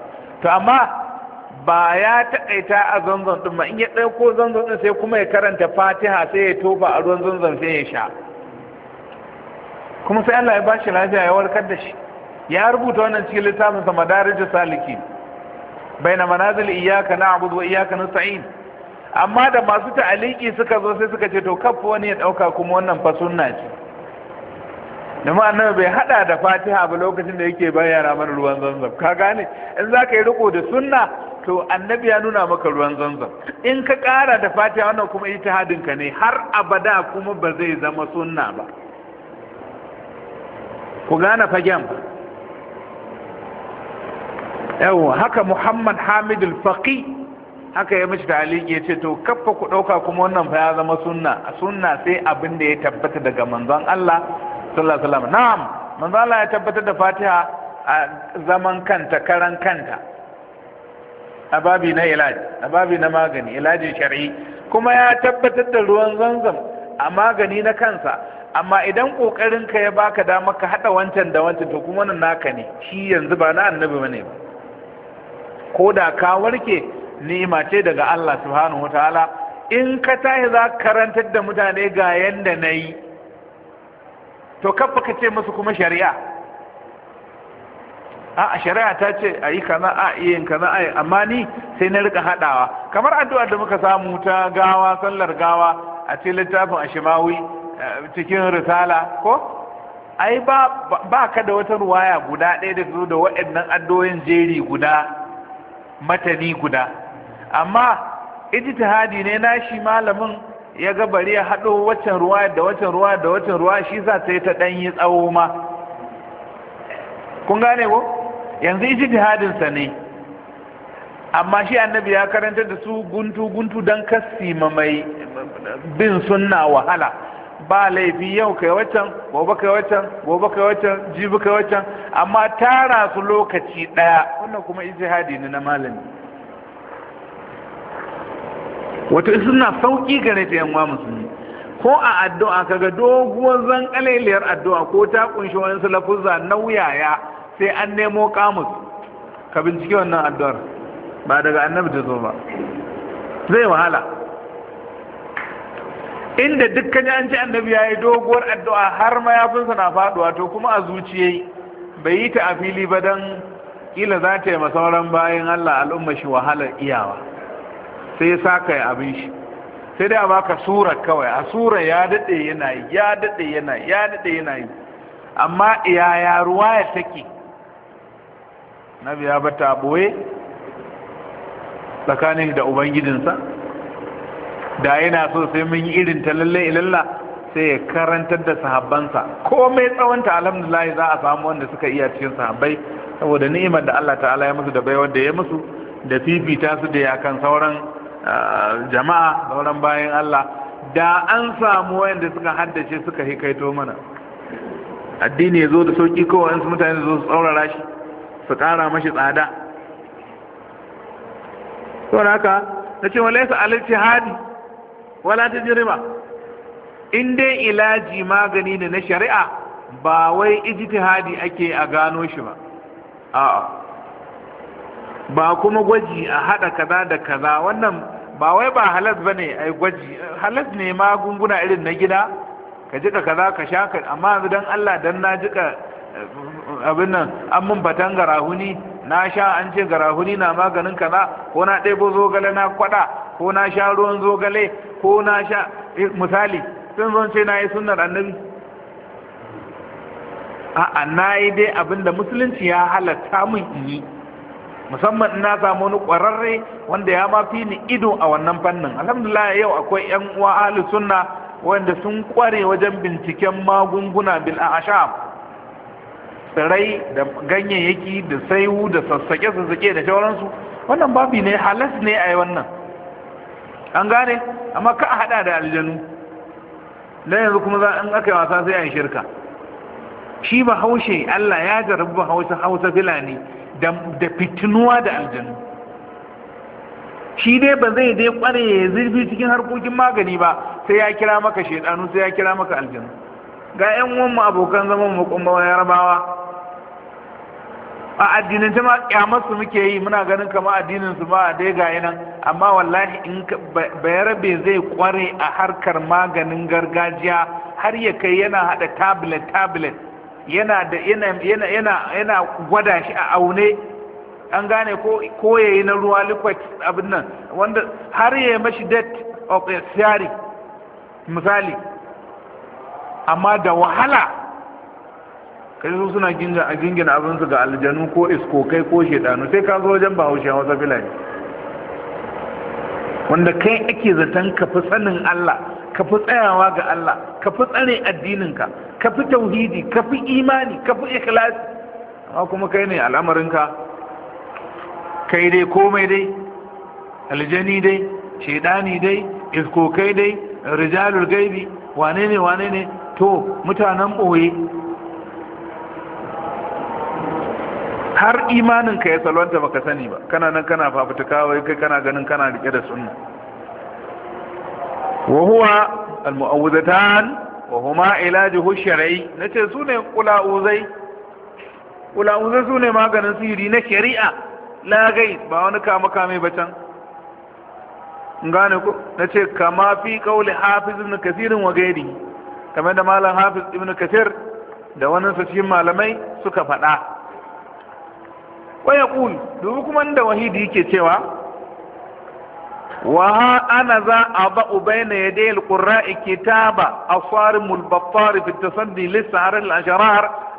to amma ba ya taƙaita a zanzan ɗin ba in ya ɗauko zanzan ɗin sai kuma ya karanta fatiha sai ya tofa a ruwan zanzan sai ya sha kuma sai Allah ya bashi lafiya ya warkar da shi ya rubuta wannan cikin littafin sa madarijus salikin baina manazil iyyaka na'budu wa iyyaka nasta'in amma da masu ta'aliki suka zo sai suka ce to kafa wani ya ɗauka kuma wannan fa sunna ce dama annabi bai hada da Fatiha ba lokacin da yake bayyana mana ruwan zanzam ka gane in za ka yi riko da sunna to annabi ya nuna maka ruwan zanzam in ka kara da Fatiha wannan kuma ita hadin ka ne har abada kuma ba zai zama sunna ba ku gane fagen yawon haka muhammad hamidul faqi haka ya mishi taliki ya ce to kafa ku ɗauka kuma wannan fa ya zama sunna sunna sai abin da ya tabbata daga manzon Allah sallallahu alaihi wasallam na'am manzon Allah ya tabbatar da Fatiha a zaman kanta karan kanta a babi na ilaji a babi na magani ilaji shar'i kuma ya tabbatar da ruwan zanzam a magani na kansa amma idan kokarin ka ya baka dama ka hada wancan da wancan to kuma wannan naka ne shi yanzu ba na annabi bane ba ko da ka warke ni'ima ce daga Allah subhanahu wataala in ka tahi za ka karantar da mutane ga yanda nayi to kafa ka ce musu kuma shari'a a shari'a ta ce a yi kaza a yin kaza a amma ni sai na rika hadawa kamar addu'ar da muka samu ta gawa sallar gawa a ce littafin ashimawi cikin risala ko ai ba ba ka da wata ruwaya guda ɗaya da zo da waɗannan addoyin jeri guda matani guda amma ijtihadi ne na shi malamin ya ga bari ya haɗo waccan ruwa da waccan ruwa da waccan ruwa shi sa sai ta ɗan yi tsawo ma kun gane ko yanzu ijtihadin sa ne amma shi annabi ya karanta da su guntu guntu dan kassi mai bin sunna wahala ba laifi yau kai watan gobe kai watan gobe kai watan jibi kai watan amma tara su lokaci ɗaya. wannan kuma ijtihadi ne na malami wato suna sauki gare ta yanwa musulmi ko a addu'a ka ga doguwar zankaleliyar addu'a ko ta kunshi wani na wuyaya sai an nemo kamus ka bincike wannan addu'ar ba daga annabi ta zo ba zai wahala inda dukkan an ci annabi ya yi doguwar addu'a har mayafinsa na faduwa to kuma a zuciye bai yi ta a fili ba don ƙila za ta yi masauran bayan allah al'umma shi wahalar iyawa sai ya saka ya abin shi sai dai a baka sura kawai a sura ya daɗe yana yi ya daɗe yana yi ya daɗe yana yi amma yaya ruwa ya take nabi ya bata ɓoye tsakanin da ubangijinsa da yana so sai mun yi irin ta lalle ilalla sai ya karantar da sahabbansa komai tsawonta alhamdulillah za a samu wanda suka iya cikin sahabbai saboda ni'imar da Allah ta'ala ya musu da bai wanda ya musu da fifita su da yakan sauran ah, jama'a sauran bayan Allah da an samu wanda suka haddace suka kaito mana addini ya zo da sauki ko su mutane zo su tsaurara shi su kara mashi tsada saboda haka na ce wa al-jihadi wala ta jiriba in dai ilaji magani ne na shari'a ba wai ijtihadi ake a gano shi ba a'a ba kuma gwaji a hada kaza da kaza wannan ba wai ba halas bane ai gwaji halas ne magunguna irin na gida ka jika kaza ka sha amma dan Allah dan na jika eh, abin nan an mun batangara huni na sha an ce garahuni na maganin kaza ko na ɗebo zogale na kwaɗa ko na sha ruwan zogale ko na sha eh, misali sun zon ce na yi sunnar annabi a'a na yi dai abinda musulunci ya halatta mun in yi musamman na samu wani ƙwararre wanda ya ma ni ido a wannan fannin alhamdulillah yau akwai yan uwa ahli sunna wanda sun ƙware wajen binciken magunguna bil ashab tsirai da ganyayyaki da saiwu da sassaƙe-sassaƙe da shauransu wannan babi ne halas ne a yi wannan an gane amma ka a haɗa da aljanu don yanzu kuma za an aka yi wasa sai a yi shirka shi ba haushe allah ya jarabu ba hausa hausa filani da fitinuwa da aljanu shi dai ba zai dai kware ya zirbi cikin harkokin magani ba sai ya kira maka shaidanu sai ya kira maka aljanu ga 'yan uwanmu abokan zaman mu kuma rabawa. a ta ma kyamarsu muke yi muna ganin kama addinin su ba dai ga nan amma wallahi in bayarabe zai kware a harkar maganin gargajiya har ya kai yana hada tablet tablet yana da yana yana yana gwada shi a aune an gane ko ko yayi na ruwa liquid abin nan wanda har ya mashi date of misali amma da wahala kai su suna gingin abin abinsu ga aljanu ko iskokai ko shedanu sai ka zo wajen bahaushe a wasa filani wanda kai ake zaton ka fi tsanin Allah ka fi tsayawa ga Allah ka fi tsare addininka ka fi tauhidi ka fi imani ka fi ikhlas amma kuma kai ne al'amarinka kai dai komai dai aljani dai shedani dai iskokai dai rijalul gaibi wane ne wane ne to mutanen ɓoye har imanin ka ya salwanta baka sani ba kana nan kana fafutuka wai kai kana ganin kana rike da sunna wa huwa mu'awwidatan wa huma ilajuhu shar'i nace sune qula'uzai qula'uzai sune maganin sihiri na shari'a la gai ba wani kama kame ba can ngane ko nace kama fi qauli hafiz ibn kathir wa gairi kamar da malam hafiz ibn kathir da wannan cikin malamai suka faɗa wa yaqul dubu kuma da wahidi yake cewa wa ana za a ba'u bayna yaday kitaba asarim al-battar fi tasaddi lis-sa'ar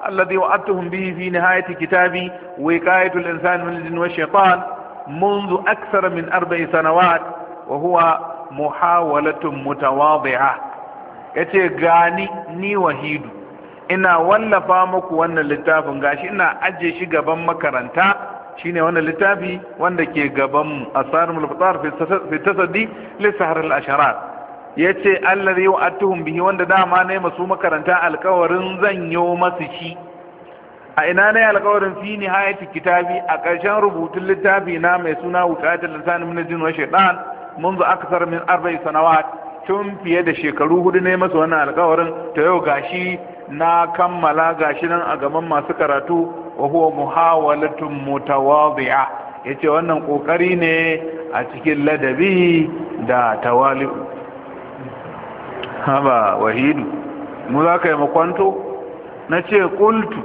al fi nihayati kitabi min منذ أكثر من أربع سنوات وهو محاولة متواضعة yace gani ni wahidu ina wallafa muku wannan littafin gashi ina ajiye shi gaban makaranta shine wannan littafi wanda ke gaban asarul fitar fi tasaddi li sahr al asharat yace allazi yu'atuhum bihi wanda dama ne masu makaranta alkawarin zanyo masu shi a ina ne alkawarin fi nihayati kitabi a ƙarshen rubutun littafi na mai suna wuqatul lisan min jin wa shaytan منذ أكثر من أربع سنوات tun fiye da shekaru hudu ne masu wannan alkawarin ta yau gashi na kammala gashi nan a gaban masu karatu wa huwa muhawalatun mutawadi'a yace wannan kokari ne a cikin ladabi da tawali haba wahidu mu za ka yi makwanto na ce kultu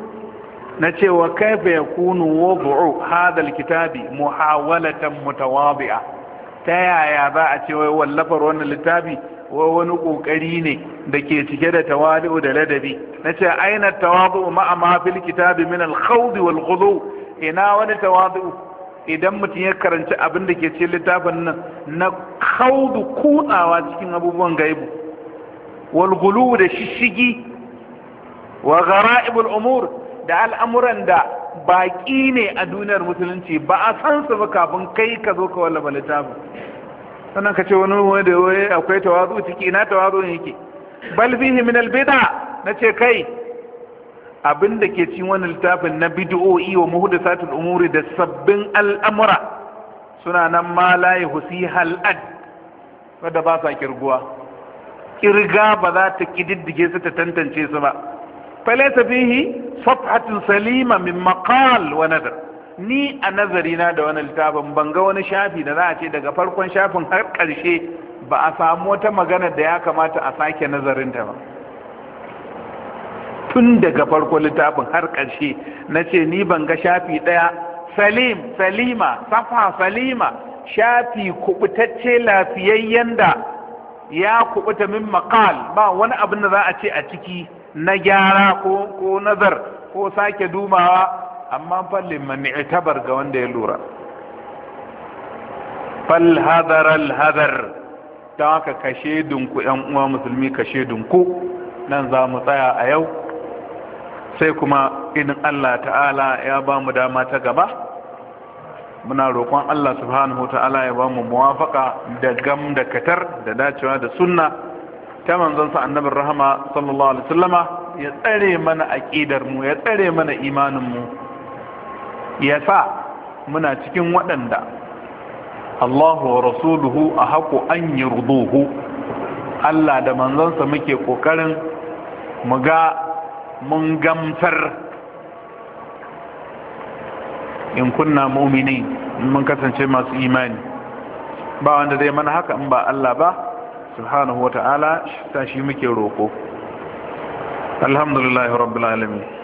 na ce wa kaifa yakunu wad'u hadha alkitabi muhawalatan mutawadi'a ta yaya za a ce wai wallafar wannan littafi wani kokari ne da ke cike da tawali'u da ladabi ce aina tawadu ma'a ma fil kitabi min al khawd wal ghulu ina wani tawadu idan mutum ya karanci abin da ke cikin littafin nan na khawdu kutsawa cikin abubuwan gaibu wal ghulu da shishigi wa gara'ibul umur da al'amuran da baƙi ne a duniyar musulunci ba a san su ba kafin kai ka zo ka wallafa littafin sannan ka ce wani da ya akwai tawazu ciki na tawazu yake bal fihi min albida na ce kai abin da ke cikin wani littafin na bid'o'i wa muhdathatul umuri da sabbin al'amura suna nan ma la yusiha hal'ad. wanda ba sa kirguwa kirga ba za ta kididdige su ta tantance su ba falaysa fihi safhatun salima min maqal wa nadar ni a na da wani littafin banga wani shafi da za a ce daga farkon shafin har ƙarshe ba a samu wata magana da ya kamata a sake nazarinta ba tun daga farkon littafin har ƙarshe na ce ni ban ga shafi ɗaya salim salima safa salima shafi kubutacce lafiyayyen da ya kubuta min makal ba wani abin da za a ce a ciki na gyara ko nazar ko sake dumawa. amma falle man i'tabar ga wanda ya lura fal hadar al hadar ta haka kashe dunku yan uwa musulmi kashe dunku nan za mu tsaya a yau sai kuma in Allah ta'ala ya ba mu dama ta gaba muna roƙon Allah subhanahu wa ta'ala ya ba mu muwafaka da gam da katar da dacewa da sunna ta sa annabin rahama sallallahu alaihi wasallama ya tsare mana aƙidar mu ya tsare mana imanin mu Yasa muna cikin waɗanda Allahu wa rasuluhu a haƙo an yi rudohu Allah da manzansa muke ƙoƙarin mu ga mun gamsar in kunna mumini mun kasance masu imani ba wanda zai mana haka in ba Allah ba subhanahu wa ta'ala shi muke roƙo alhamdulillahi rabbil alamin